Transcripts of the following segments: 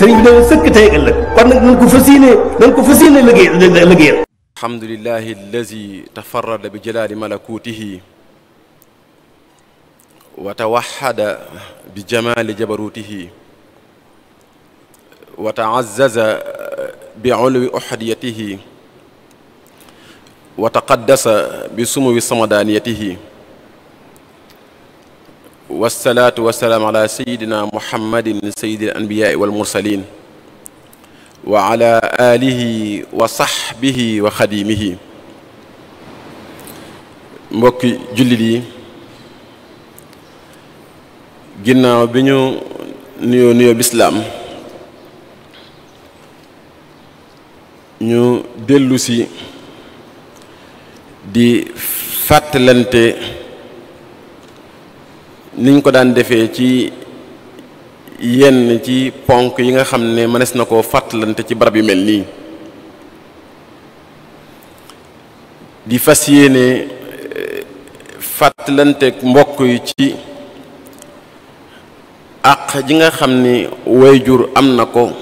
sëriñ bi dana sëkk tey ëllëg kon nag nañ ko fas yéene nañ ko fas yéene liggéey liggéeyal alhamdulillahi allazi tafarrada bi jalaali malakutihi wa tawaxada bi jamaali jabarutihi wa taazzaza bi ulwi uhadiyatihi wa taqaddasa bi sumuwi samadaniyatihi wasalaatu wasalaam ala sayidina muhammadin sayidil anbiyaai wal mursalin wa ala alihi wa saxbihi mbokki jullit yi ginnaaw bi ñu nuyoo nuyoo bislaam ñu dellu si di fàttalante niñ ko daan defee ci yenn ci ponk yi nga xam ne mënees na koo fàttalante ci barab yu mel nii di fas yéene eh, fàttalanteeg mbokk yu ci àq ji nga xam ni wayjur am na ko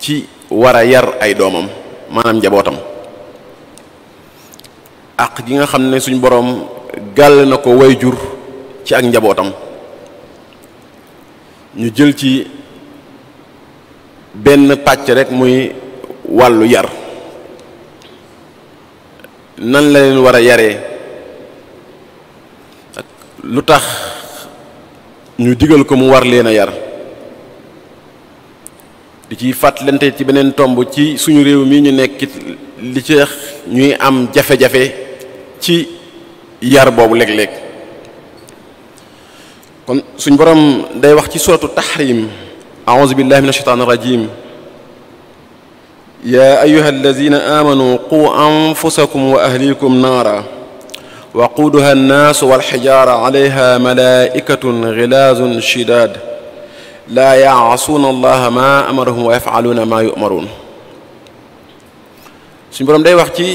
ci war a yar ay doomam maanaam njabootam àq ji nga xam ne suñ boroom gàll na ko jur ci ak njabootam ñu jël ci benn pàcc rekk muy wàllu yar nan la leen war a yaree lu tax ñu digal ko mu war leen a yar di ciy fàttalante ci beneen tomb ci suñu réew mi ñu nekkit li ci ñuy am jafe-jafe ci yar boobu léeg-léeg kon suñ borom day wax ci suratu tahrim a'udhu billahi minash shaitanir rajim ya ayyuhal ladhina amanu qu anfusakum wa ahlikum naara waquuduha annaasu walxijaara alayha malaa'ikatun ghilaazun shidaad laa ya'suuna allaha maa amarahum wa yaf'aluuna maa yu'maruun suñ borom day wax ci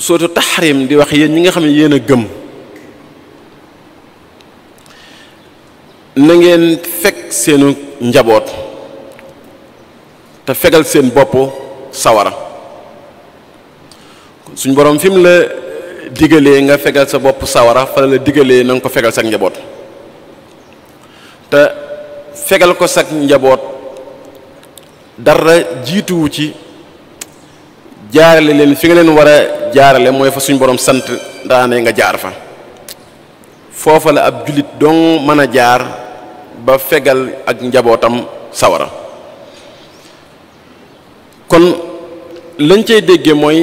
suratu tahrim di wax yéen ñi nga xam ne yéen a gëm na ngeen fekk seenu njaboot te fegal seen bopp sawara suñ boroom fi mu la digalee nga fegal sa bopp sawara fa la digalee na nga ko fegal sa njaboot te fegal ko sa njaboot dara jiituwu ci jaarale leen fi nga leen war a jaarale mooy fa suñ boroom sant daane nga jaar fa foofa la ab jullit dong mën a jaar ba fegal ak njabootam sawara kon lañ cay dégge mooy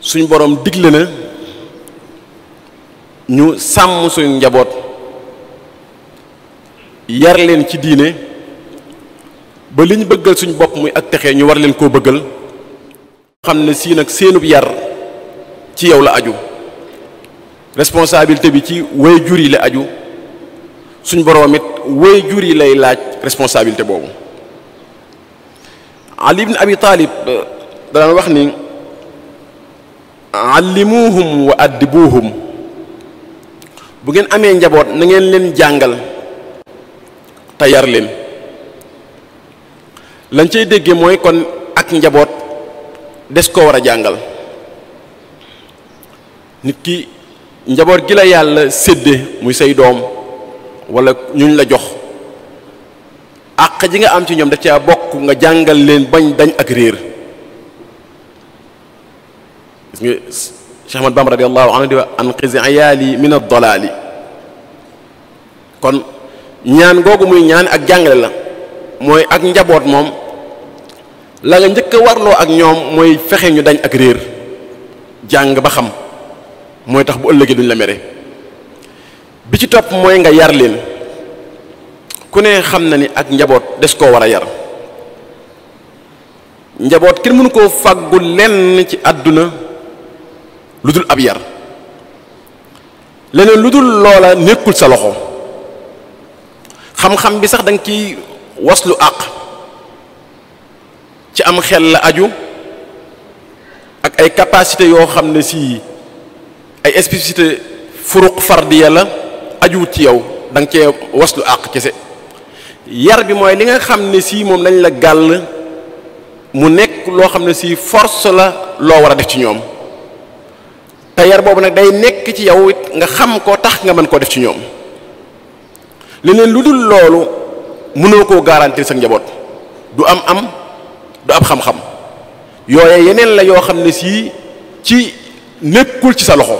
suñ boroom digle na ñu sàmm suñu njaboot yar leen ci diine ba liñ bëggal suñ bopp muy ak texee ñu war leen koo bëggal xam ne sii nag seenub yar ci yow la aju responsabilité bi ci way jur yi la aju suñ boroom it woy jur yi lay laaj responsabilité boobu ali ibn abi taalib euh, daan wax ni allimuhum wa addibuhum bu ngeen amee njaboot na ngeen leen jàngal te yar leen lañ cay dégge mooy kon ak njaboot des ko war a jàngal nit ki njaboot gi la yàlla sédde muy say doom wala ñuñ la jox àq ji nga am ci ñoom daf caa bokk nga jàngal leen bañ dañ ak réer gis nga Cheikh Ahmad Bamba radiyallahu anhu di wa anqiz ayaali min ad kon ñaan googu muy ñaan ak jàngale la mooy ak njaboot moom la nga njëkk a warloo ak ñoom mooy fexe ñu dañ ak réer jàng ba xam mooy tax bu ëllëgee duñ la mere bi ci topp mooy nga yar leen ku ne xam na ni ak njaboot des koo war a yar njaboot kenn mënu koo fàggu lenn ci àdduna lu dul ab yar leneen lu dul loola nekkul sa loxo xam-xam bi sax danga nga was lu àq ci am xel la aju ak ay capacité yoo xam ne sii ay spécificité furuq fardiya la ajuwut ci yow danga nga was lu àq kese yar bi mooy li nga xam ne sii moom lañ la gàll mu nekk loo xam ne sii force la loo war a def ci ñoom te yar boobu nag day nekk ci yow it nga xam ko tax nga mën koo def ci ñoom leneen lu dul loolu mënoo koo garantir sa njaboot du am am du ab xam-xam yooye yeneen la yoo xam ne sii ci nekkul ci sa loxo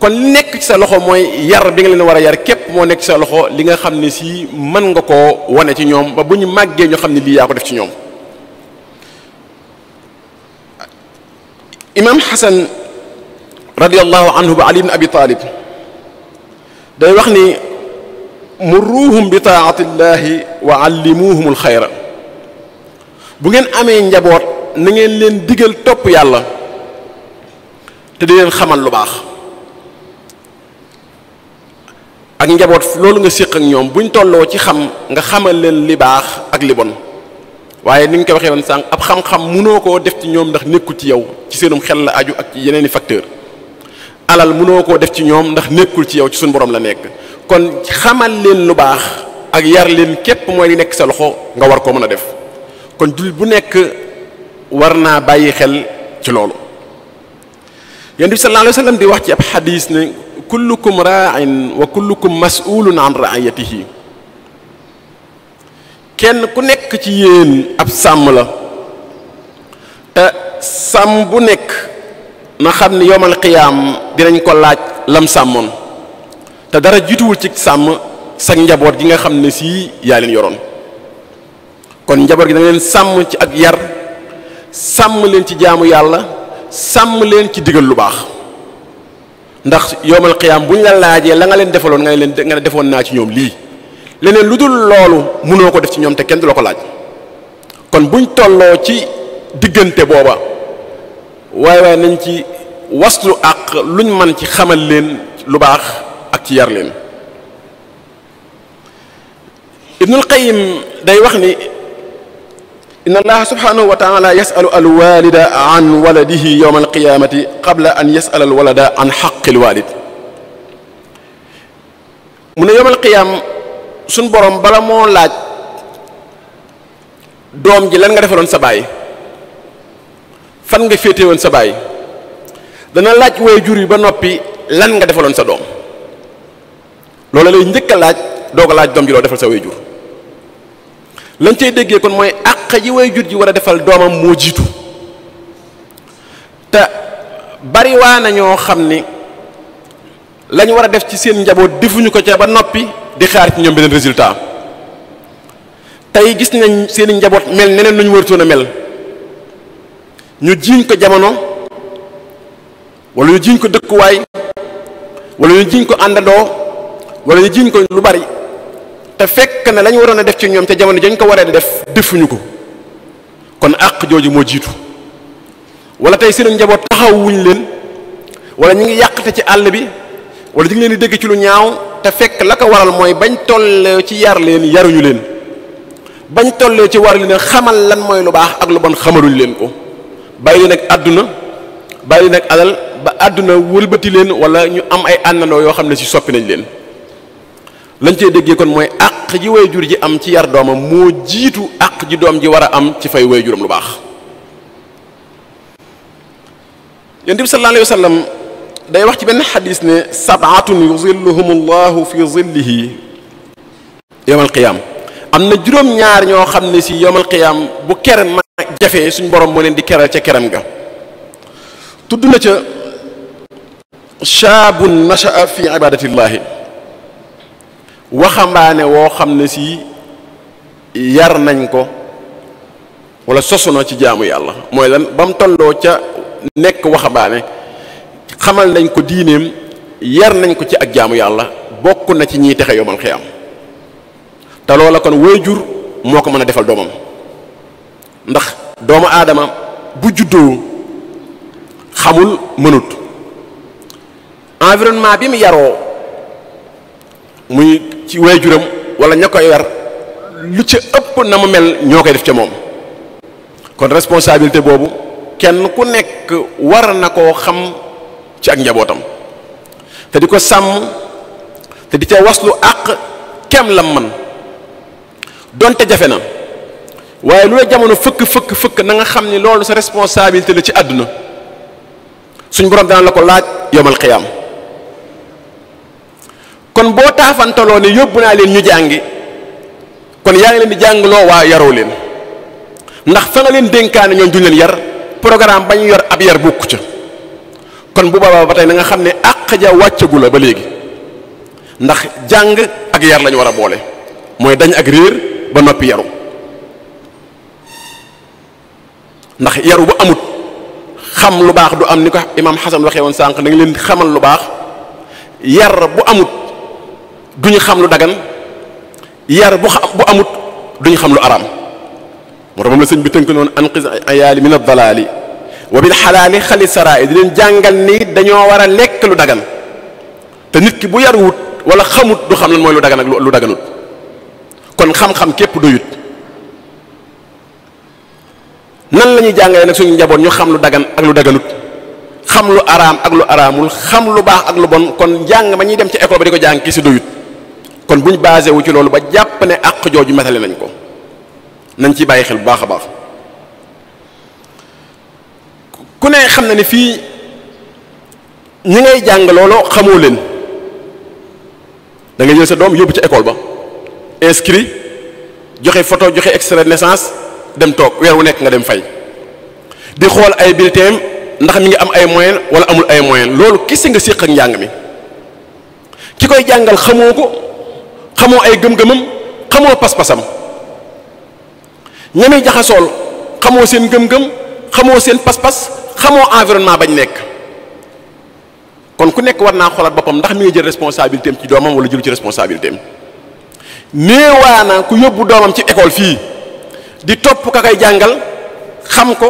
kon li nekk ci sa loxo mooy yar bi nga leen war a yar képp moo nekk ci sa loxo li nga xam ne sii mën nga koo wane ci ñoom ba bu ñu màggee ñu xam ne lii yaa ko def ci ñoom imaam xasan radiallahu anhu ba ali ibn abi taalib day wax ni muruuhum bi taatillahi wa allimuuhumul xayra bu ngeen amee njaboot na ngeen leen digal topp yàlla te di leen xamal lu baax ak njaboot loolu nga séq ak ñoom buñ tolloo ci xam nga xamal leen li baax ak li bon waaye ni nga ko waxee woon sànq ab xam-xam munoo koo def ci ñoom ndax nekku ci yow ci seenum xel la aju ak ci facteur alal munoo koo def ci ñoom ndax nekkul ci yow ci suñ boroom la nekk kon xamal leen lu baax ak yar leen képp mooy li nekk sa loxo nga war koo mën a def kon jullit bu nekk war naa bàyyi xel ci loolu yonent bi sallallahu alayhi wasallam di wax ci ab xadiis ne kullukum raain wa kullukum mas'ulun an raayatihi kenn ku nekk ci yéen ab sàmm la te sàmm bu nekk na xam ni yowmal qiyaam dinañ ko laaj lam sàmmoon te dara jiituwul ci sàmm sag njaboot gi nga xam ne sii yaa leen yoroon kon njaboot gi da nga leen sàmm ci ak yar sàmm leen ci jaamu yàlla sàmm leen ci digal lu baax ndax yowmal qiyaam bu ñu la laajee la nga leen defaloon nga leen nga ne defoon naa ci ñoom lii leneen lu dul loolu mënoo ko def ci ñoom te kenn du la ko laaj kon buñ tolloo ci diggante booba waaye waaye nañ ci lu àq luñ mën ci xamal leen lu baax ak ci yar leen Ibnul Qayyim day wax ni. inna allaha subhanahu wa taala yasalu alwalida an waladihi yowma alqiyamati qabla an yasala alwalada an xaqi alwalid mu ne yowmal qiyaam suñ borom bala moo laaj doom ji lan nga defaloon sa baay fan nga féete woon sa baay dana laaj way jur yi ba noppi lan nga defaloon sa doom loolu lay njëkk laaj doog laaj doom ji loo defal sa way jur lañ cay déggee kon mooy àq yi way jur ji war a defal doomam moo jiitu te bari na ñoo xam ni lañ war a def ci seen njaboot difuñu ko ca ba noppi di xaar ci ñoom beneen résultat tey gis nañ seen njaboot mel neneen lañu ñu wartoon a mel ñu jiiñ ko jamono wala ñu jiiñ ko dëkkuwaay wala ñu jiiñ ko àndandoo walla ñu jiiñ ko lu bari te fekk na lañu waroon a def ci ñoom ca jamono dañ ko waree def defuñu ko kon àq jooju moo jiitu wala tey si seen njaboot taxawuñ leen wala ñu ngi yàqte ci àll bi wala ñu ngi leen di dégg ci lu ñaaw te fekk la ko waral mooy bañ tollee ci yar leen yaruñu leen bañ tollee ci war ne xamal lan mooy lu baax ak lu bon xamaluñ leen ko bàyyi leen ak àdduna bàyyi leen ak alal ba àdduna wëlbati leen wala ñu am ay àndandoo yoo xam ne si soppi nañ leen. lañ cee déggee kon mooy àq ji jur ji am ci yar doomam moo jiitu àq ji doom ji war a am ci fay juróom lu baax yonent bi sallallahu alayhi wa sallam day wax ci benn xadis ne sabaatun yuzilluhum llahu fi zillihi yowmal qiyaam am na juróom ñoo xam ne si yowmal qiyaam bu ker ma jafee suñ borom moo leen di keral ca keram ga tudd na ca shaabun nashaa fi ibadatillahi waxambaane woo xam ne si yar nañ ko walla sosu na ci jaamu yàlla mooy lan ba mu tolloo ca nekk waxambaane xamal nañ ko diineem yar nañ ko ci ak jaamu yàlla bokk na ci ñiy texe yomal xiyam te loola kon waajur moo ko mën a defal doomam ndax doomu aadama bu juddoo xamul mënut environnement bi mu yaroo muy ci waajuram wala ña koy wer lu ca ëpp na mu mel ñoo koy def ca moom kon responsabilité boobu kenn ku nekk war na koo xam ci ak njabootam te di ko sàmm te di ca lu àq kem lam man donte jafe na waaye lu la jamono fëkk fëkk fëkk na nga xam ni loolu sa responsabilité la ci àdduna suñ borom dana la ko laaj yomal xiyaam kon boo taafantaloo ne yóbbu naa leen ñu jàngi kon yaa ngi leen di jàngloo waa yaroo leen ndax fa nga leen dénkaane ñoom duñ leen yar programme ba ñu yor ab yar bukk ca kon bu boobaa ba tey na nga xam ne àq ja wàccagu la ba léegi ndax jàng ak yar lañu war a boole mooy dañ ak réer ba noppi yaru ndax yaru bu amut xam lu baax du am ni ko imaam Xasan waxee woon sànq da nga leen xamal lu baax yar bu amut duñu xam lu dagan yar bu xam bu amut duñu xam lu araam moo la sëñ bi tënk noonu anqis ayaali min ad-dalaali wa bil xalaali xali saraay di leen jàngal ni dañoo war a lekk lu dagan te nit ki bu yaruwut wala xamut du xam lan mooy lu dagan ak lu daganut kon xam képp doyut nan la ñuy jàngalee nag suñu njaboot ñu xam lu dagan ak lu daganut lu araam ak lu araamul xam lu baax ak lu bon kon jàng ma ñuy dem ci école ba di ko jàng ki si doyut kon bu ñu basé wu ci loolu ba jàpp ne àq jooju matale nañ ko nañ ci bàyyi xel bu baax a baax ku ne xam na ne fii ñi ngay jàng looloo xamoo leen da nga jël sa doom yóbbu ci école ba inscrit joxe photo joxe extrait de naissance dem toog weer wu nekk nga dem fay di xool ay bulletins ndax mi ngi am ay moyen wala amul ay moyen loolu kese nga séq ak njàng mi ki koy jàngal xamoo ko. xamoo ay gëm-gëmam xamoo pas-pasam ñamey jaxasool xamoo seen gëm-gëm xamoo seen pas-pas xamoo environnement bañ nekk kon ku nekk war naa xoolaat boppam ndax mi ngi jël responsabilité am ci doomam wala jëlu ci responsabilité am néewaana ku yóbbu doomam ci école fii di topp ka koy jàngal xam ko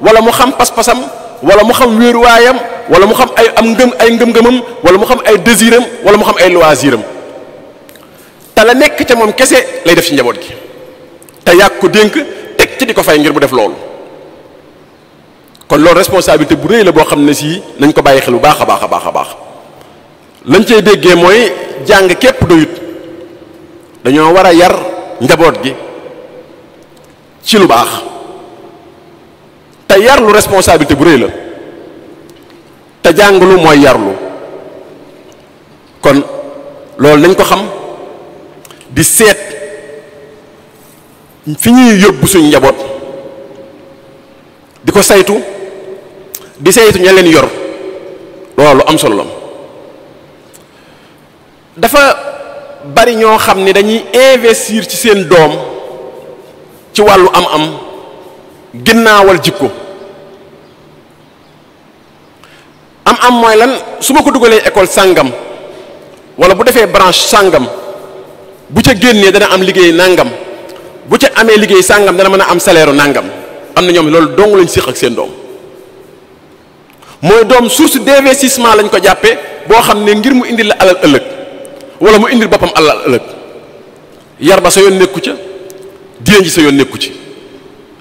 wala mu xam pas-pasam wala mu xam wéeruwaayam wala mu xam ay am ngëm ay ngëm-ngëmam wala mu xam ay désiram wala mu xam ay loisiram te la nekk ca moom kese lay def ci njaboot gi te yàgg ko dénk teg ci di ko fay ngir bu def loolu kon loolu responsabilité bu rëy la boo xam ne sii nañ ko bàyyi xelu baax a baax a baax a baax lañ cey déggee mooy jàng képp doyut dañoo war a yar njaboot gi ci lu baax te yarlu responsabilité bu rëy la te jànglu mooy yarlu kon loolu nañ ko xam di seet fi ñuy yóbbu suñu njaboot di ko saytu di saytu ña leen yor loolu am solo dafa bari ñoo xam ni dañuy investir ci seen doom ci wàllu am-am ginnaawal jikko am-am mooy lan su ma ko dugalee école sàngam walla bu defee branche sàngam. bu ca génnee dana am liggéey nangam bu ca amee liggéey sàngam dana mën a am salaire nàngam am na ñoom loolu dong lañ séq ak seen doom mooy doom suur si source d'investissement lañ ko jàppee boo xam ne ngir mu indil la alal ëllëg wala mu indil boppam alal ëllëg yar ba sa yoon nekku ca diine ji sa yoon nekku ci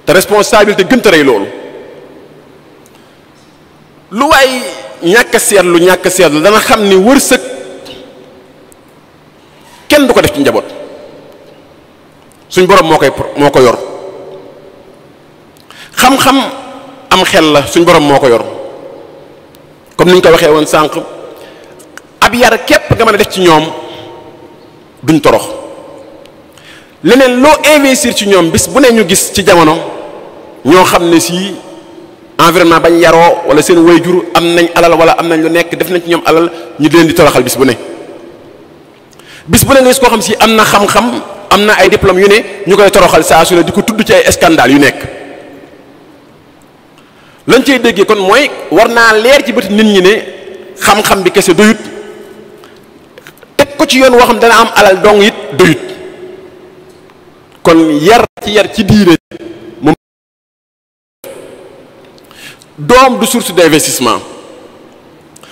te responsabilité gënta rey loolu lu waay ñàkk a seetlu ñàkk seetlu dana xam ni wërsëg. kenn du ko def ci njaboot suñ borom moo koy moo ko yor xam-xam am xel la suñ borom moo ko yor comme niñ ko waxee woon sànq ab yar képp nga mën a def ci ñoom duñ torox leneen loo investir ci ñoom bis bu ne ñu gis ci jamono ñoo xam ne sii environnement bañ yaroo wala seen wayjur am nañ alal wala am nañ lu nekk def nañ ci ñoom alal ñu leen di toroxal bis bu ne. bis bu ne nga gis koo xam si am na xam-xam am na ay diplôme yu ne ñu koy toroxal saa su ne di ko tudd ci ay scandale yu nekk lañ cay déggee kon mooy war naa leer ci bët nit ñi ne xam-xam bi kese doyut teg ko ci yoon woo xam dana am alal dong it doyut kon yar ci yar ci diine moom du source d'investissement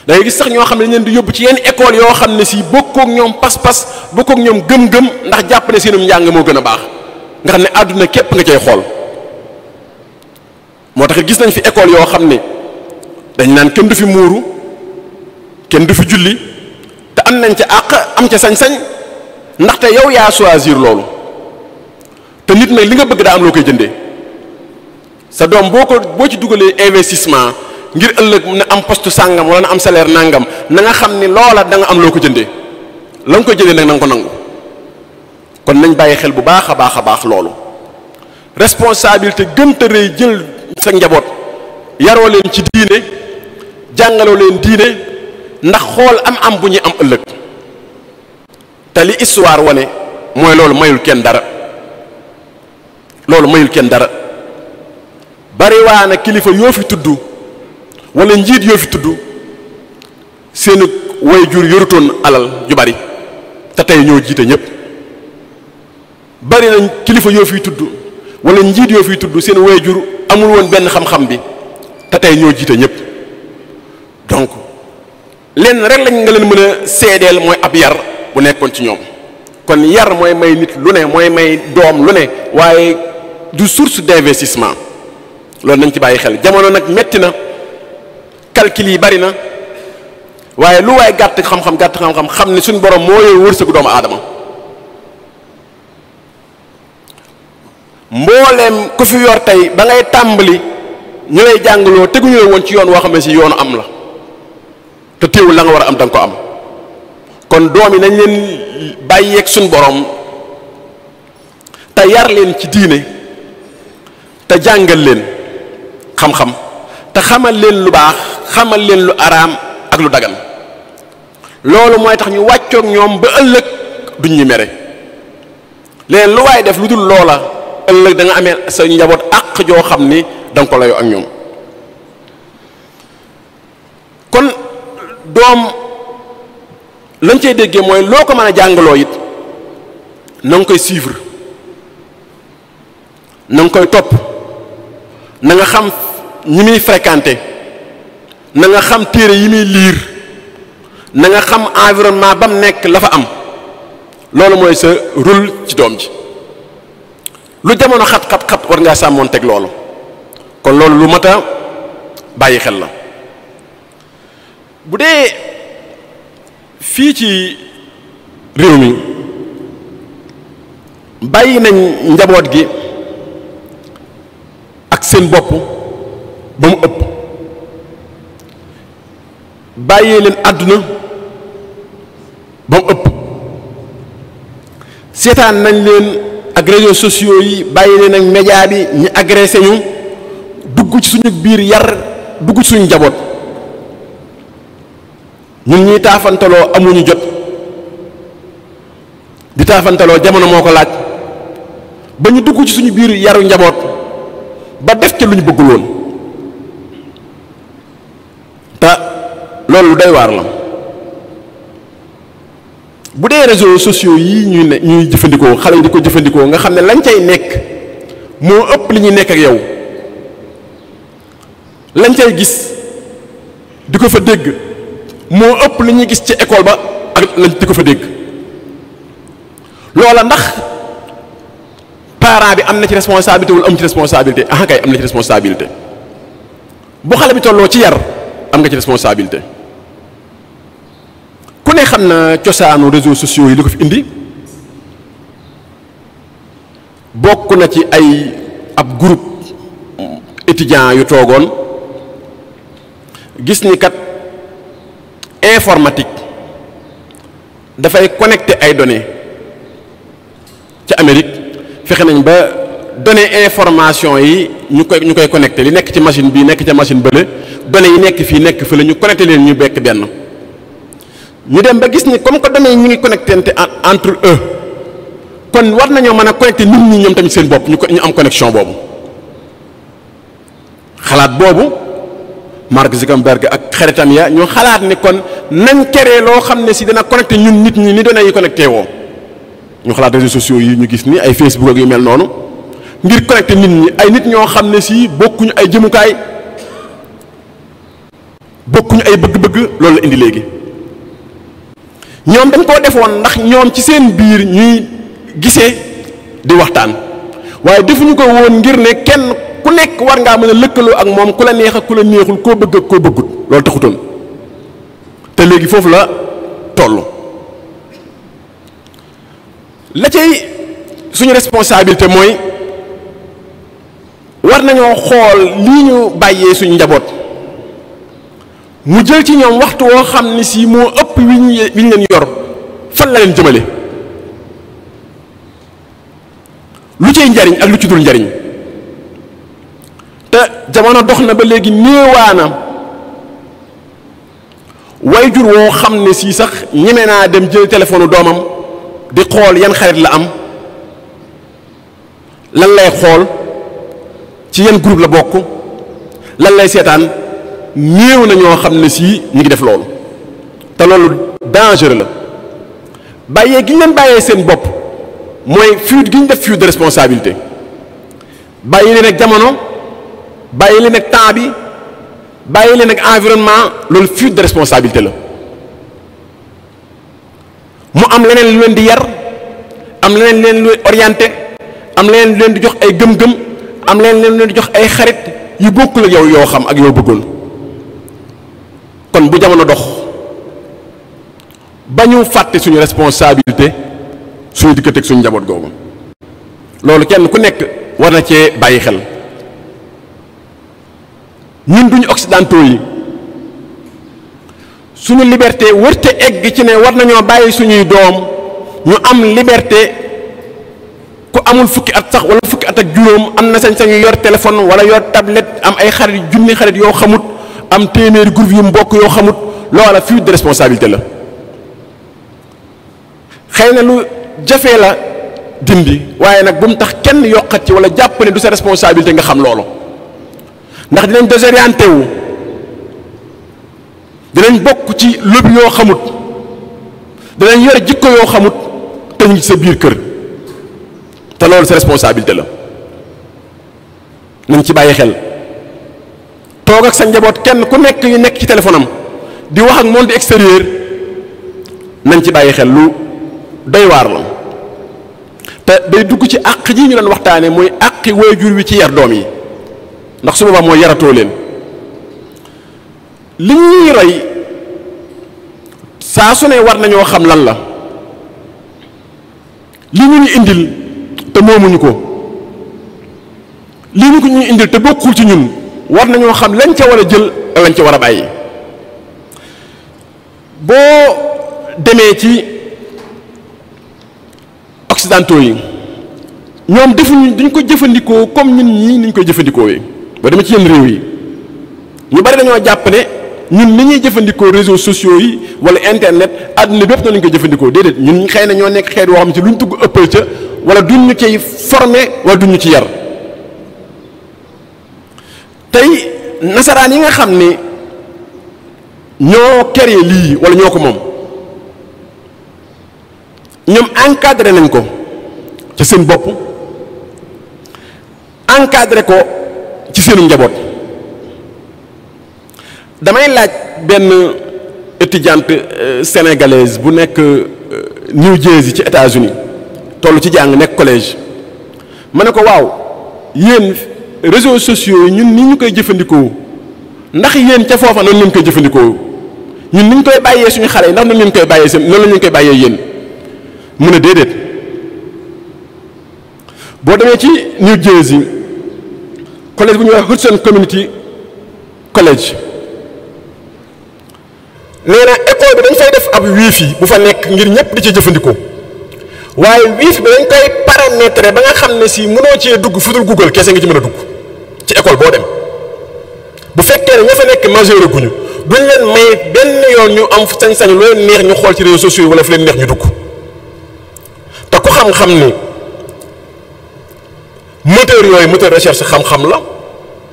da gis sax ñoo xam ne dañ leen di yóbbu ci yenn école yoo xam ne si bokkook ñoom pas-pas bokkook ñoom gëm-gëm ndax jàpp ne seenum njàng moo gën a baax nga xam ne àdduna képp nga cay xool moo tax gis nañ fi école yoo xam ne dañ naan kenn du fi muuru kenn du fi julli te am nañ ca àq am ca sañ-sañ ndaxte yow yaa soisir loolu te nit nag li nga bëgg daa am loo koy jëndee sa doom boo ko boo ci dugalee investissement ngir ëllëg na am poste sàngam wala na am salaire nàngam na nga xam ni loola da nga am loo ko jëndee lañ ko jëndee nag na ko nangu kon nañ bàyyi xel bu baax a baax a baax loolu responsabilité gën te jël sa njaboot yaroo leen ci diine jàngaloo leen diine ndax xool am am bu ñuy am ëllëg te li histoire wane mooy loolu mayul kenn dara loolu mayul kenn dara bariwaana kilifa yoo fi tudd wala njiit yoo fi tudd seeni way jur yorutoon alal ju bari te tey ñoo jiite ñépp bari nañ kilifa yoo fiy tudd walla njiit yoo fiy tudd seen way jur amul woon benn xam-xam bi te tey ñoo jiite ñépp donc leen rek lañ nga leen mën a seedeel mooy ab yar bu nekkoon ci ñoom kon yar mooy may nit lu ne mooy may doom lu ne waaye du source d'investissement loolu nañ ci bàyyi xel jamono nag metti na calcul yi bari na waaye lu waaye gàtt xam-xam gàtt xam-xam xam ne suñ borom moo yor wërsëgu doomu aadama mbooleem ku fi yor tey ba ngay tàmbali ñu lay jàngaloo teguñu la woon ci yoon woo xam ne si yoonu am la te teewul la nga war a am da ko am kon doom yi nañ leen bàyyeeg suñ borom te yar leen ci diine te jàngal leen xam-xam te xamal leen lu baax xamal leen lu araam ak lu dagan loolu mooy tax ñu wàccoog ñoom ba ëllëg duñ ñu mere leen lu waaye def lu dul loola ëllëg danga nga amee sa njaboot àq joo xam ni danga ko layoo ak ñoom kon doom lañ cey déggee mooy loo ko mën a jàngaloo it na nga koy suivre na koy topp na xam ñi muy fréquenté na nga xam téere yi muy liir na nga xam environnement ba mu nekk la fa am loolu mooy sa rôle ci doom ji lu jamono xat-xat-xat war ngaa sàmmoon teg loolu kon loolu lu mat a bàyyi xel la bu dee fii ci réew mi bàyyi nañ njaboot gi ba mu ëpp bàyyee leen àdduna ba mu ëpp seetaan nañ leen ak réseaux yi bàyyi leen ak média bi ñu agressé ñu dugg ci suñu biir yar dugg ci suñu njaboot ñun ñuy taafantaloo amuñu jot di taafantaloo jamono moo ko laaj ba ñu dugg ci suñu biir yaru njaboot ba def ca lu ñu bëggul loolu lu doy la bu dee réseaux sociaux yi ñuy ne ñuy jëfandikoo xale yi di ko jëfandikoo nga xam ne lañ cay nekk moo ëpp li ñuy nekk ak yow lañ cay gis di ko fa dégg moo ëpp li ñuy gis ci école ba ak lañ di ko fa dégg loola ndax parent bi am na ci responsabilité wala am ci responsabilité ah kay am na responsabilité bu xale bi tolloo ci yar am nga ci responsabilité ku ne xam na cosaanu réseaux sociaux yi li ko fi indi bokk na ci ay ab groupe étudiant yu toogoon gis ni kat informatique dafay connecté ay données ca Amérique fexe nañ ba données information yi ñu koy ñu koy connecté li nekk ci machine bi nekk ci machine bële données yi nekk fii nekk fële ñu connecté leen ñu bekk benn ñu dem ba gis ni comme que données yi ñu ngi connecté entre eux kon war nañoo mën a connecté nit ñi ñoom tamit seen bopp ñu ko ñu am connexion boobu xalaat boobu Mark Zuckerberg ak xaritam ya ñu xalaat ni kon nañ keree loo xam ne si dana connecté ñun nit ñi ni données yi connecté woo ñu xalaat réseaux sociaux yi ñu gis ni ay Facebook ak yu mel noonu ngir connecté nit ñi ay nit ñoo xam ne si bokkuñu ay jëmukaay bokkuñu ay bëgg-bëgg loolu la indi léegi. ñoom dañ koo defoon ndax ñoom ci seen biir ñuy gisee di waxtaan waaye defuñu ko woon ngir ne kenn ku nekk war ngaa mën a lëkkaloo ak moom ku la neex ak ku la neexul koo bëgg ak koo bëggut loolu taxutoon te léegi foofu la toll la cay suñu responsabilité mooy war nañoo xool lii ñu bàyyee suñu njaboot mu jël ci ñoom waxtu woo xam ne sii moo ëpp wi ñu wi ñu leen yor fan la leen jëmale lu ciy njariñ ak lu ci dul njariñ te jamono dox na ba léegi néewaana jur woo xam ne sii sax ñeme naa dem jël téléphone doomam di xool yan xarit la am lan lay xool ci yan groupe la bokk lan lay seetaan néew na ñoo xam ne sii ñu ngi def loolu te loolu dangereux la bàyyee gi ñu leen bàyyee seen bopp mooy fuite gi ñu def fuite de responsabilité bàyyi leen ak jamono bàyyi leen ak temps bi bàyyi leen ak environnement loolu fuite de responsabilité la mu am leneen lu leen di yar am leneen lu leen orienté am leneen lu leen di jox ay gëm-gëm am leneen lu leen di jox ay xarit yu bokkul ak yow yoo xam ak yow bëggoon. kon bu jamono dox ba ñu fàtte suñu responsabilité suñu diggante suñu njaboot googu loolu kenn ku nekk war na cee bàyyi xel ñun duñu occidentaux yi suñu liberté wërte egg ci ne war nañoo bàyyi suñuy doom ñu am liberté ku amul fukki at sax wala fukki at ak juróom am na sañ-sañu yor téléphone wala yor tablette am ay xarit junni xarit yoo xamut am téeméeri groupe yu mbokk yoo xamut loola fuite de responsabilité la xëy na lu jafee la dindi waaye nag bu mu tax kenn yokkat ci wala jàpp ne du sa responsabilité nga xam loolo ndax dinañ désorienté wu dinañ bokk ci lobby yoo xamut dinañ yore jikko yoo xamut te ñu sa biir kër te loolu sa responsabilité la nañ ci bàyyi xel. toog ak sa njaboot kenn ku nekk ñu nekk ci téléphone di wax ak moom monde extérieur nañ ci bàyyi xel lu doy waar la te day dugg ci àq ji ñu doon waxtaane muy àqi waajur wi ci yar doom yi ndax su boobaa mooy yaratoo leen li ñuy roy saa su ne war nañoo xam lan la li ñu ñu indil te moomuñu ko li ñu ko ñu indil te bokkul ci ñun war nañoo xam lañ ca war a jël lañ ca war a bàyyi boo demee ci occidentaux yi ñoom defuñu duñ ko jëfandikoo comme ñun ñii niñ koy jëfandikoo yi boo demee ci yenn réew yi ñu bari dañoo jàpp ne ñun ni ñuy jëfandikoo réseaux sociaux yi wala internet àdduna bépp na lañ koy jëfandikoo déedéet ñun xëy na ñoo nekk xeet woo xam ci luñ tugg ëppal ca wala duñ ñu cay formé wala duñ ñu ci yar tey nasaraan yi nga xam ni ñoo créé lii walla ñoo ko moom ñoom encadré nañ ko ci seen bopp encadré ko ci seenu njaboot damay laaj benn étudiante euh, sénégalaise bu nekk euh, New Jersey ci États-Unis toll ci jàng nekk collège ma ne ko waaw yéen. réseaux sociaux yi ñun ni ñu koy jëfandikoo ndax yéen ca foofa noonu leen koy jëfandikoo ñun ni ñu koy bàyyee suñu xale yi ndax noonu leen koy bàyyee seen noonu leen koy bàyyee yéen mu ne déedéet boo demee ci New Jersey collège bu ñuy wax Hudson Community College nee na école bi dañ fay def ab wifi bu fa nekk ngir ñëpp di ci jëfandikoo waaye wifi bi dañ koy paramétrer ba nga xam ne si mënoo cee dugg fu dul Google kese nga ci mën a dugg école boo dem bu fekkee ne ña fa nekk majeur guñu duñ leen may benn yoon ñu am sañ-sañ lu leen neex ñu xool ci réseaux sociaux yi wala fu leen neex ñu dugg te ku xam-xam ni moteur yooyu moteur recherche xam-xam la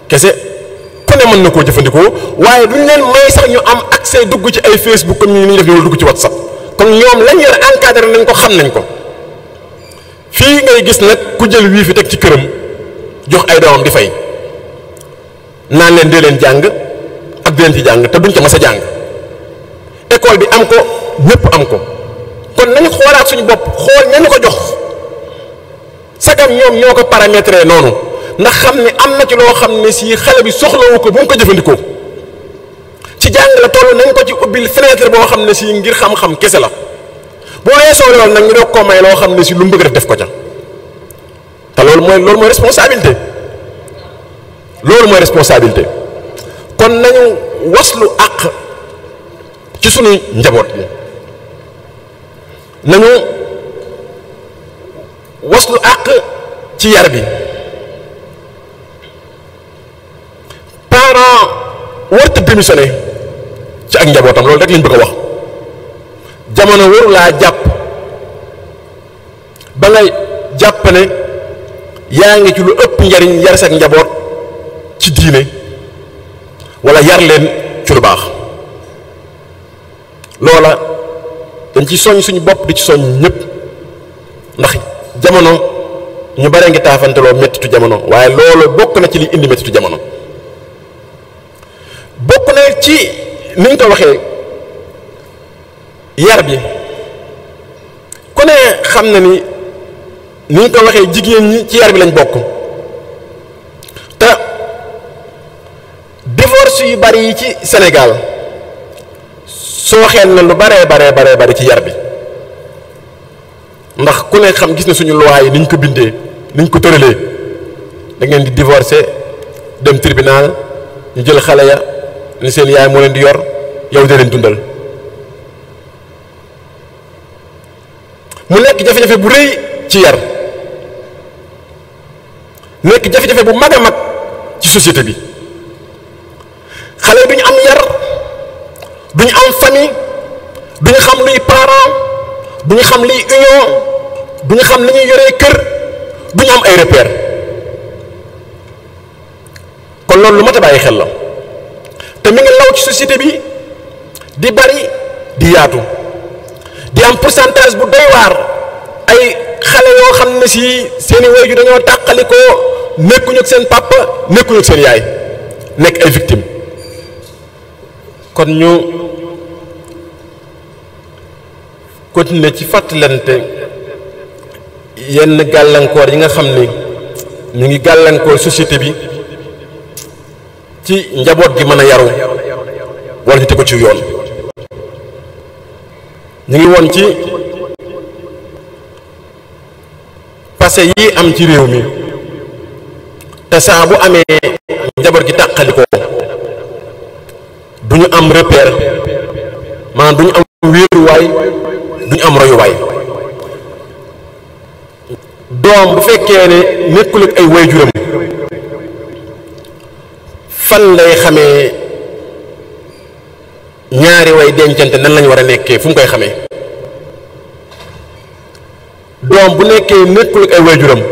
kese ku ne mën na koo jëfandikoo waaye duñ leen may sax ñu am accès dugg ci ay Facebook comme ñu ni def ñu dugg ci WhatsApp kon ñoom lañ yor encadré nañ ko xam nañ ko fii ngay gis nag ku jël wii fi teg ci këram jox ay doomam di fay naan leen dee leen jàng ak dee leen ci jàng te duñ ca mas a jàng école bi am ko ñëpp am ko kon nañu xoolaat suñu bopp xool nañu ko jox sagam ñoom ñoo ko paramétré noonu ndax xam ne am na ci loo xam ne si xale bi soxlawu ko bu mu ko jëfandikoo ci jàng la toll nañ ko ci ubbil fenêtre boo xam ne si ngir xam-xam kese la boo weesoo loolu nag ñu doog koo may loo xam ne si lu mu bëgg def def ko ca te loolu mooy loolu mooy responsabilité. loolu mooy responsabilité kon nañu waslu àq ci suñu njaboot bi nañu lu àq ci yar bi parent warta démissionné ci ak njabootam loolu rek lañ bëgg a wax jamono waru laa jàpp ba nga jàpp yaa ngi ci lu ëpp njariñ yar sa njaboot ci diine wala yar leen ci lu baax loola dañ ci soñ suñu bopp di ci soñ ñépp ndax jamono ñu bare ngi taafanteloo mettitu jamono waaye loolu bokk na ci li indi mettitu jamono bokk na ci niñ ko waxee yar bi ku ne xam na ni niñ ko waxee jigéen ñi ci yar bi lañ bokk yi ci Sénégal sooxeel na lu baree baree baree bare ci yar bi ndax ku nekk xam gis na suñu loi yi niñ ko bindee niñ ko tëralee da ngeen di divorcer dem tribunal ñu jël xale ya ni seen yaay moo leen di yor yow dee leen dundal mu nekk jafe-jafe bu rëy ci yar nekk jafe-jafe bu mag a mag ci société bi xale duñu am yar duñu am famille duñu xam luy parent duñu xam luy union duñu xam li yore kër duñu am ay repère kon loolu lu mat a bàyyi xel la te mi ngi law ci société bi di bari di yaatu di am pourcentage bu doy waar ay xale yoo xam ne si seeni waajur dañoo tàqali ko nekkuñu ak seen papa nekkuñu ak seen yaay nekk ay victime kon ñu continuer ci fàttalante yenn gàllankoor yi nga xam ni ñu ngi gàllankoor société bi ci njaboot gi mën a yaru wala ñu tegu ci yoon ñu ngi woon ci passé yi am ci réew mi te saa bu amee njaboot gi tàqalikoo du ñu am repère maanaam du ñu am wéeruwaay du ñu am royuwaay doom bu fekkee ne nekkul ay waajuram fan lay xamee ñaari way dencante nan lañu war a nekkee fu mu koy xamee doom bu nekkee nekkul ak ay waajuram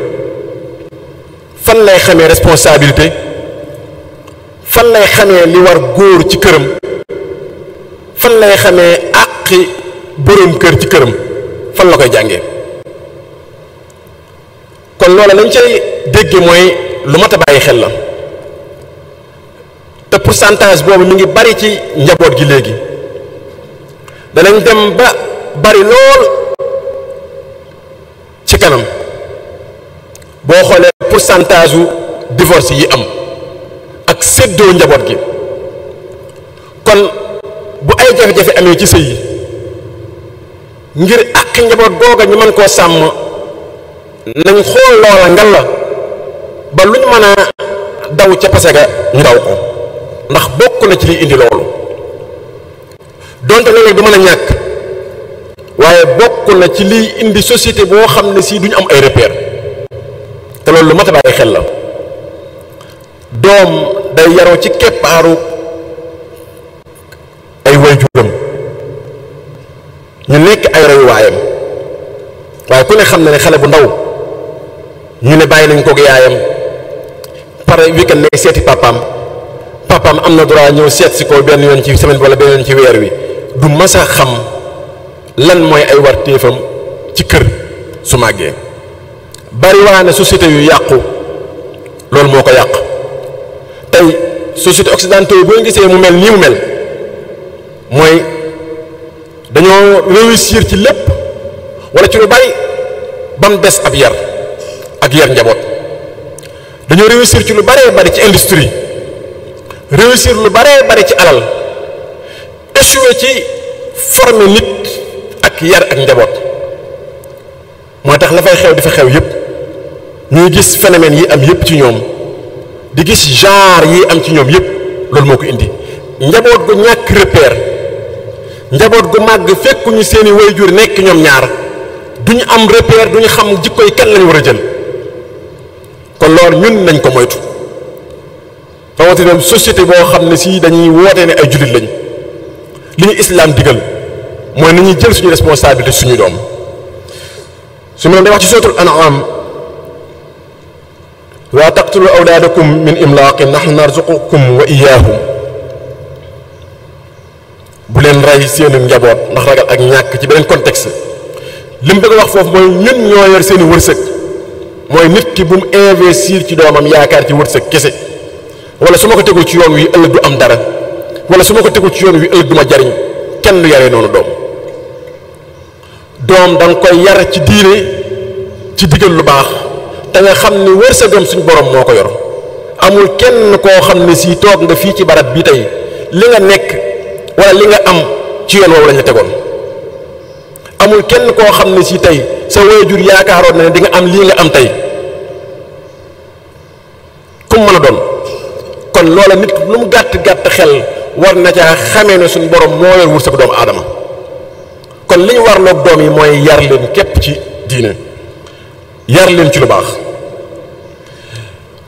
fan lay xamee responsabilité fan lay xamee li war góor ci këram fan lay xamee àqi boroom kër ci këram fan la koy jàngee kon loola lañ cay dégge mooy lu mat a bàyyi xel la te pourcentage boobu mi ngi bari ci njaboot gi léegi danañ dem ba bari lool ci kanam boo xoolee pourcentage u divorce yi am ak séddoo njaboot gi kon bu ay jafe-jafe amee ci sëy ngir àq njaboot googa ñu mën koo sàmm nañ xool loola ngal la ba lu ñu mën a daw ca pase ga ñu daw ko ndax bokk na ci liy indi loolu donte léeg-léeg du mën a ñàkk waaye bokk na ci liy indi société boo xam ne si duñu am ay repère te loolu lu mat a xel la doom day yaroo ci keppaaru ay waajuram ñu nekk ay royuwaayam waaye ku ne xam na ne xale bu ndaw ñu ne bàyyi nañ kook yaayam pare weekend ne seeti papaam papaam am na droit ñëw seet si ko benn yoon ci semaine bi wala benn yoon ci weer wi du mas a xam lan mooy ay war téefam ci kër su màggee bariwaane société yu yàqu loolu moo ko yàq tey société occidentaux boo gisee mu mel nii mu mel mooy dañoo réussir ci lépp walla ci lu bari ba mu des ab yar ak yar njaboot dañoo réussir ci lu baree bari ci industrie réussir lu baree bari ci alal échoué ci former nit ak yar ak njaboot moo tax la fay xew di fa xew yépp ñuy gis phénomène yi am yépp ci ñoom di gis genre yi am ci ñoom yëpp loolu moo ko indi njaboot gu ñàkk repère njaboot gu màgg fekkuñu seeni wayjur nekk ñoom ñaar du ñu am repère ñu xam jikkoy kan lañu war a jël kon loolu ñun nañ ko moytu rawatina société boo xam ne sii dañuy woote ne ay jullit lañu li ñu islam diggal mooy nañuy jël suñu responsabilité suñu doom su ma dem wax ci sootul anam waa takk taqtulu awlaadakum min imlaaqin nahnu narzuqukum wa iyyaahum bu leen rey seeni njaboot ndax ragal ak ñàkk ci beneen contexte li mu bëgg a wax foofu mooy ñun ñoo yor seeni wërsëg mooy nit ki bu mu investir ci doomam yaakaar ci wërsëg kese wala su ma ko tegul ci yoon wi ëllëg du am dara wala su ma ko tegul ci yoon wi ëllëg du ma jariñ kenn lu yaree noonu doom doom da koy yar ci diine ci digal lu baax te nga xam ni wërsëgam suñ borom moo ko yor amul kenn koo xam ne si toog nga fii ci barab bi tey li nga nekk wala li nga am ci yoon woowu lañ tegoon amul kenn koo xam ne si tey sa waajur yaakaaroon na ne di nga am lii nga am tey kum mën a doon kon loola nit lu mu gàtt gàtt xel war na caa xamee ne suñ borom moo yor wërsëgu doomu aadama kon li ñu warloog doom yi mooy yar leen képp ci diine yar leen ci lu baax.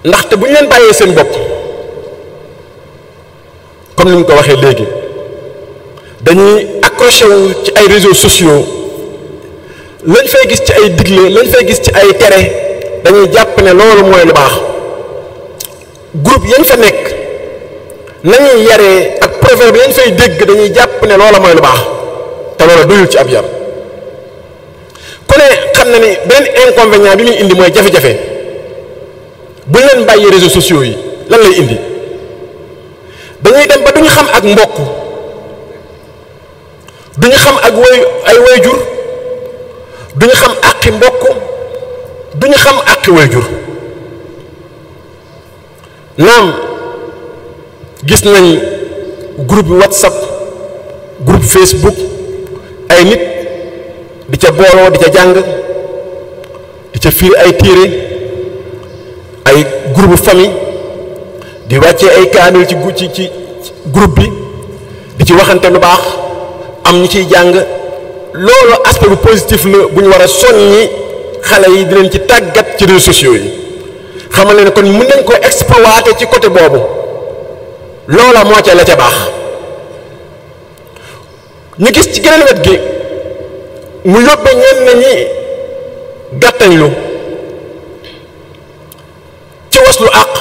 ndaxte bu ñu leen bàyyee seen bopp comme ni mu ko waxee léegi dañuy accroché wu ci ay réseaux sociaux lañ fay gis ci ay digle lañ fay gis ci ay tere dañuy jàpp ne loolu mooy lu baax groupe yañ fa nekk nañuy yaree ak proverbe yañ fay dégg dañuy jàpp ne loola mooy lu baax te loola doyul ci ab yar ku ne xam na ne benn inconvénient bi muy indi mooy jafe-jafe. bu leen bàyyi réseaux sociaux yi lan lay indi dañuy dem ba duñu xam ak mbokk duñu xam ak way ay wayjur duñu xam àqi mbokk duñu xam àqi wayjur naam gis nañ group whatsapp groupe facebook ay nit di ca booloo di ca jàng di ca fiir ay téere groupe famille di wàccee ay kaamil ci ci ci groupe bi di ci waxante lu baax am ñu ciy jàng loolu aspect bu positif la bu ñu war a soññi xale yi di leen ci tàggat ci réseaux sociaux yi xamal leen kon mu nañ ko exploiter ci côté boobu loola moo ca la ca baax ñu gis ci geneen wet gi mu yóbbe ñenn ñi gàttañlu waslu àq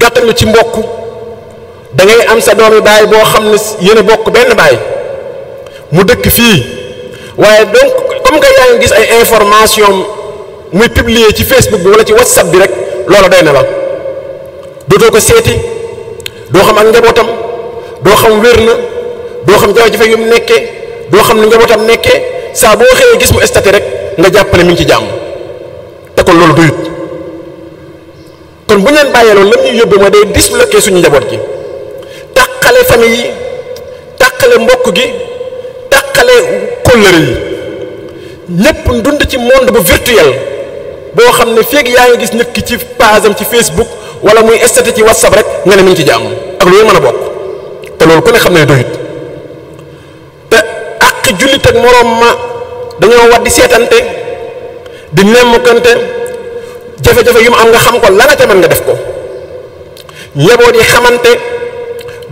gàttalu ci mbokk da ngay am sa doomi baay boo xam ne yéen a bokk benn baay mu dëkk fii waaye donc comme que yaa ngi gis ay information muy publier ci Facebook bi wala ci WhatsApp bi rek loola doy na la dootoo ko seeti doo xam ak njabootam doo xam wér na doo xam jafe-jafe yu mu nekkee doo xam ni njabootam nekkee saa boo xëyee gis mu statut rek nga jàppale mi ci jàmm te kon loolu doyut kon bu ñu leen bàyyee loolu lan ñuy yóbbee mooy day disloqué suñu njaboot gi tàqale famille yi mbokk gi tàqale kóllëre yi ñëpp dund ci monde bu virtuel boo xam ne feeg yaa ngi gis nit ci page am ci Facebook wala muy statut ci WhatsApp rek nga ne mi ci jàmm ak loolu mën a bokk te loolu ku ne xam ne doyut te àq jullit ak moroom ma dañoo war di seetante di nemmukante jafe-jafe yi mu am nga xam ko la la ca mën nga def ko njaboot yi xamante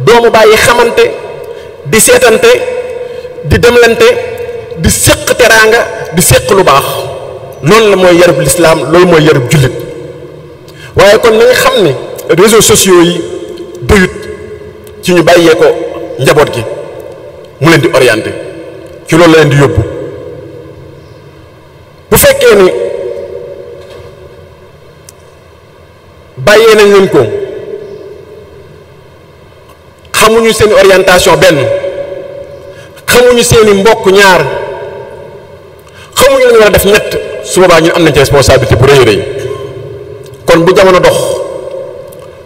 doomu bàyyi xamante di seetante di demlante di séq teraanga di séq lu baax loolu la mooy yarub lislaam loolu mooy yarub jullit waaye kon ni xam ni réseaux sociaux yi doyut ci ñu bàyyee ko njaboot gi mu leen di orienté ci loolu la leen di yóbbu bu fekkee ni bàyyee nañ leen ko xamuñu seeni orientation benn xamuñu seeni mbokk ñaar xamuñu lañu war a def ñett su boobaa ñun am nañ ci responsabilité bu rëy rëy kon bu jamono dox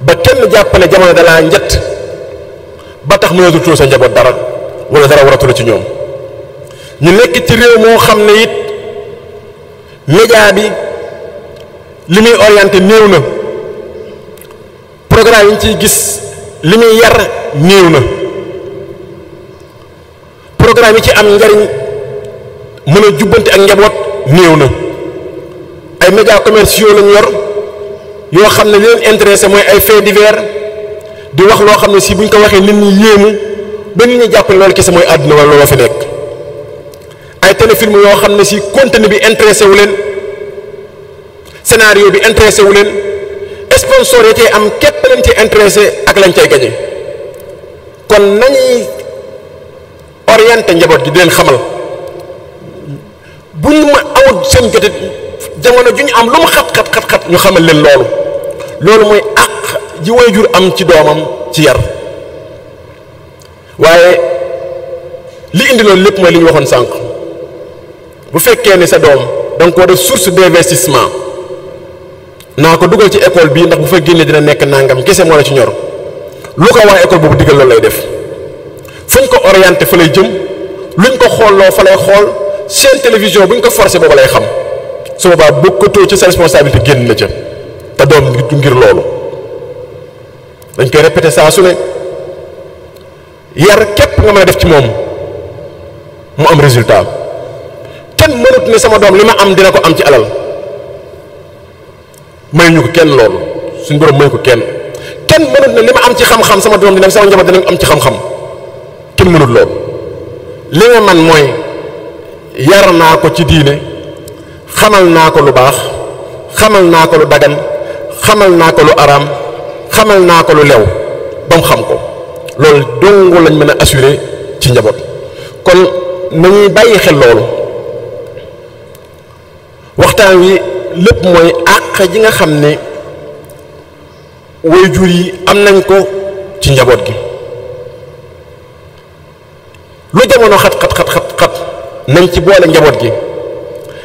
ba kenn jàppale jamono dalaa njett ba tax mënatul tuur sa njaboot dara wala dara waratul ci ñoom ñu nekk ci réew moo xam ne it média bi li muy orienté néew na programme yi ñu ciy gis li muy yar néew na programme yi ci am njariñ mën a jubbante ak njaboot néew na ay méga commerciaux lañ yor yoo xam ne li leen intéressé mooy ay faits divers di wax loo xam ne si buñ ko waxee nit ñi yéemu ba nit ñi jàpp ne loolu kese mooy àdduna wala loo fi nekk ay téléfilm yoo xam ne si contenu bi intéressé wu leen scénario bi intéressé wu leen. sponsor yi cay am képp lañ ci intéressé ak lañ cay gaje kon nañuy orienté njaboot gi di leen xamal bu ñu ma amul seen jotit jamono ju ñu am lu ma xat xat xat ñu xamal leen loolu loolu mooy àq ji jur am ci doomam ci yar waaye li indi loolu lépp mooy li ñu waxoon sànq bu fekkee ne sa doom da nga ko def source d'investissement naa ko dugal ci école bii ndax bu fa génnee dina nekk nangam kese moo la ci ñor lu ko waa école boobu digal loolu lay def fuñ ko orienté fa lay jëm luñ ko xoolloo fa lay xool seen télévision buñ ko forcé boobu lay xam su ko bokkatoo ci sa responsabilité génn na ca te doom du ngir loolu dañ koy répété saa su ne yar képp nga may def ci moom mu am résultat kenn mënut ne sama doom li ma am dina ko am ci alal. may ñu ko kenn loolu suñu borom may ko kenn kenn mënut ne li ma am ci xam-xam sama doom dina sama njaboot dinañ am ci xam-xam kenn mënut loolu li ma man mooy yar naa ko ci diine xamal naa ko lu baax xamal naa ko lu dagan xamal naa ko lu araam xamal naa ko lu lew ba mu xam ko loolu dong lañ mën a assuré ci njaboot kon nañuy bàyyi xel loolu waxtaan wi lépp mooy yàq ji nga xam ne waajur yi am nañ ko ci njaboot gi lu jamono xat xat xat xat nañ ci boole njaboot gi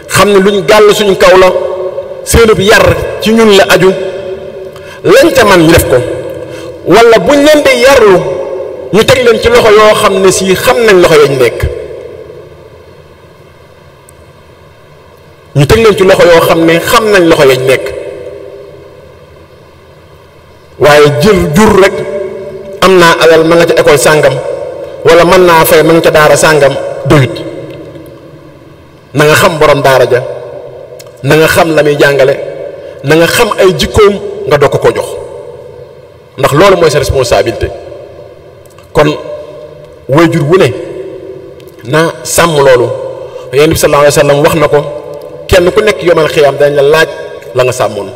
xam ne luñ gàll suñu kaw la seenub yar ci ñun la aju lañ ca man ñu def ko wala buñ leen di yarlu ñu teg leen ci loxo yoo xam ne si xam nañ loxo yañ nekk ñu teg leen ci loxo yoo xam ne xam nañ loxo yañ nekk waaye jël jur rek am naa alal ma nga ca école sàngam wala mën naa fay ma nga ca daara sàngam doyut na nga xam borom daara ja na nga xam la muy jàngale na nga xam ay jikkoom nga doog ko ko jox ndax loolu mooy sa responsabilité kon waajur wu ne na sàmm loolu yonent bi sallallahu alayhi wax na ko kenn ku nekk yomal xiyaam dañ la laaj la nga sàmmoon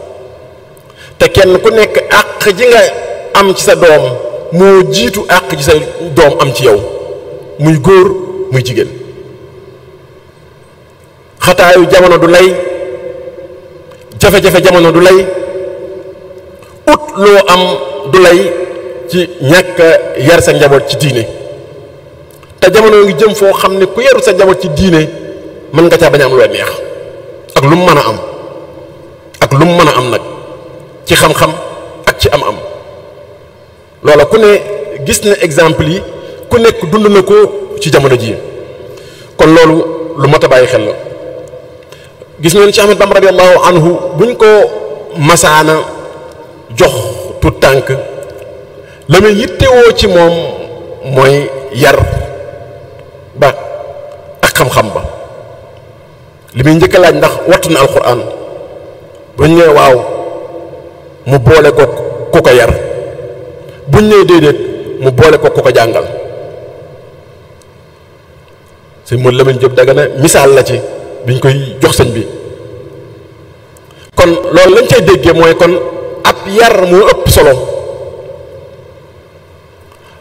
te kenn ku nekk àq ji nga am ci sa doom moo jiitu àq ji sa doom am ci yow muy góor muy jigéen xataayu jamono du lay jafe-jafe jamono du lay ut loo am du lay ci ñàkk yar sa njaboot ci diine te jamono ngi jëm foo xam ne ku yaru sa njaboot ci diine mën nga caa bañ a neex ak lu mu mën a am ak lu mu mën a am nag ci xam-xam ak ci am-am loola ku ne gis ne exemple yi ku nekk dund na ko ci jamono ji kon loolu lu mat a bàyyi xel la gis ngeen ci Ahmad Bamba an anhu buñ ko masaana jox tut tànk la muy yittewoo ci moom mooy yar ba ak xam-xam ba li muy njëkkalaat ndax wattu na alxuraan bu ñu nee waaw mu boole ko ku ko yar bu ñu nee déedéet mu boole ko ku ko jàngal sëñ Modou Lamine Diop Dagana misaal la ci biñ koy jox sëñ bi kon loolu lañ cay déggee mooy kon ab yar moo ëpp solo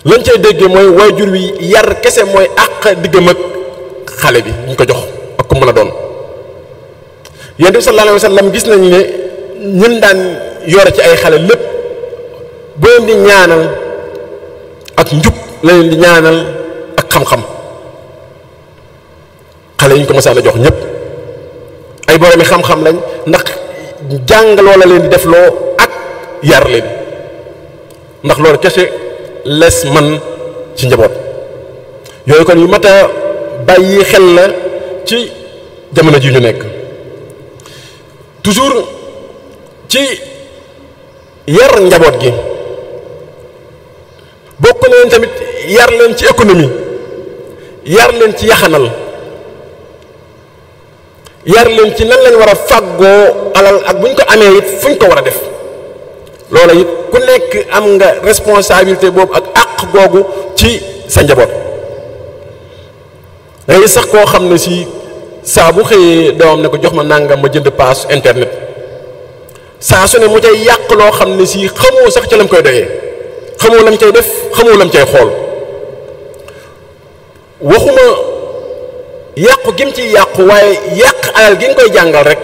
lañ cay déggee mooy waajur wi yar kese mooy àq diggam ak xale bi ñu ko jox ak ku mën a doon yonent bi sallallahu alayhi wa gis nañu ne ñun daan yore ci ay xale lépp boo leen ñaanal ak njub la leen di ñaanal ak xam-xam xale yi ñu ko mosaan a jox ñépp ay boromi xam-xam lañ ndax jàng loola leen di def loo ak yar leen ndax loolu kese les man ci njaboot yooyu kon yu mat a bàyyi xel la ci jamono ji ñu nekk. toujours ci yar njaboot gi bokk na leen tamit yar leen ci économie yar leen ci yaxanal yar leen ci nan lañ war a fàggoo alal ak bu ñu ko amee it fu ñu ko war a def loola it ku nekk am nga responsabilité boobu ak àq googu ci sa njaboot léegi sax koo xam ne si saa bu xëyee doomam ne ko jox ma nàngam ma jënd paas internet saa su ne mu cay yàq loo xam ne si xamoo sax ca lam koy doyee xamoo lam cay def xamoo lam cay xool waxuma yàqu gim ci yàqu waaye yàq alal gi nga koy jàngal rek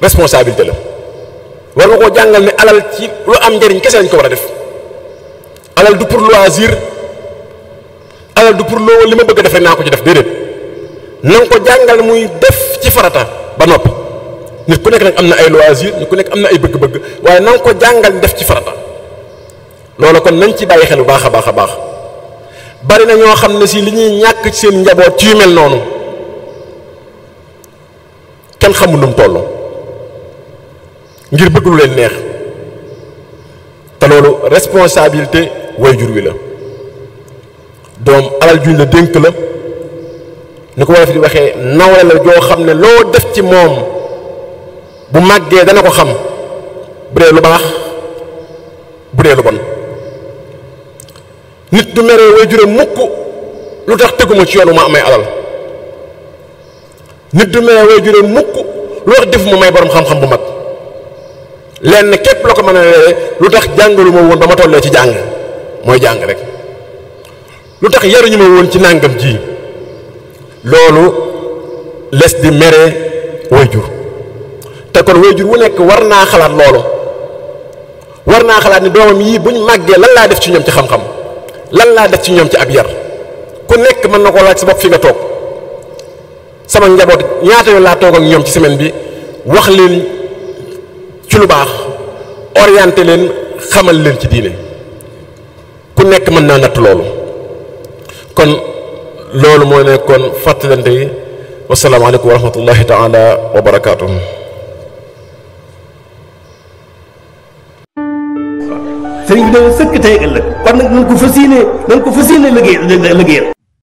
responsabilité la war nga ko jàngal ne alal ci lu am njariñ kese lañ ko war a def alal du pour loisir alal du pour loo li ma bëgg a def rek naa ko ci def déedéet na nga ko jàngal muy def ci farata ba nopp nit ku nekk nag am na ay loisir nit ku nekk am na ay bëgg-bëgg waaye na ko jàngal def ci farata loolu kon nañ ci bàyyi xel bu baax a baax a baax bari na ñoo xam ne si li ñuy ñàkk ci seen njaboot ci yu mel noonu kenn xamul nu mu ngir bëgg lu leen neex te loolu responsabilité waajur wi la doom alal juñ la dénk la. ni ko wolof di waxee nawle la joo xam ne loo def ci moom bu màggee dana ko xam bu dee lu baax bu dee lu bon nit du meree way jure mukk lu tax teguma ci yoon wu ma amee alal nit du meree way jure mukk lu wax def may borom xam-xam bu mag lenn képp la ko mën a leere lu tax jàngalu ma woon ba ma tollee ci jàng mooy jàng rek lu tax yaruñu ma woon ci nàngam ji loolu les di mere wayjur te kon wayjur wu nekk war naa xalaat loolu war naa xalaat ni doomam yii buñ màggee lan laa def ci ñoom ci xam-xam lan laa def ci ñoom ci ab yar ku nekk mën na koo laaj sa bopp fii nga toog sama njaboot ñaata laa toog ak ñoom ci semaine bi wax leen ci lu baax orienté leen xamal leen ci diine ku nekk mën naa natt loolu kon loolu mooy ne kon fàttalante yi wasalaamaaleykum wa rahmatullahi taala wa barakaatu. sëriñ bi de sëkk tey ëllëg kon nag nañ ko fas yéene nañ ko fas yéene liggéey liggéeyal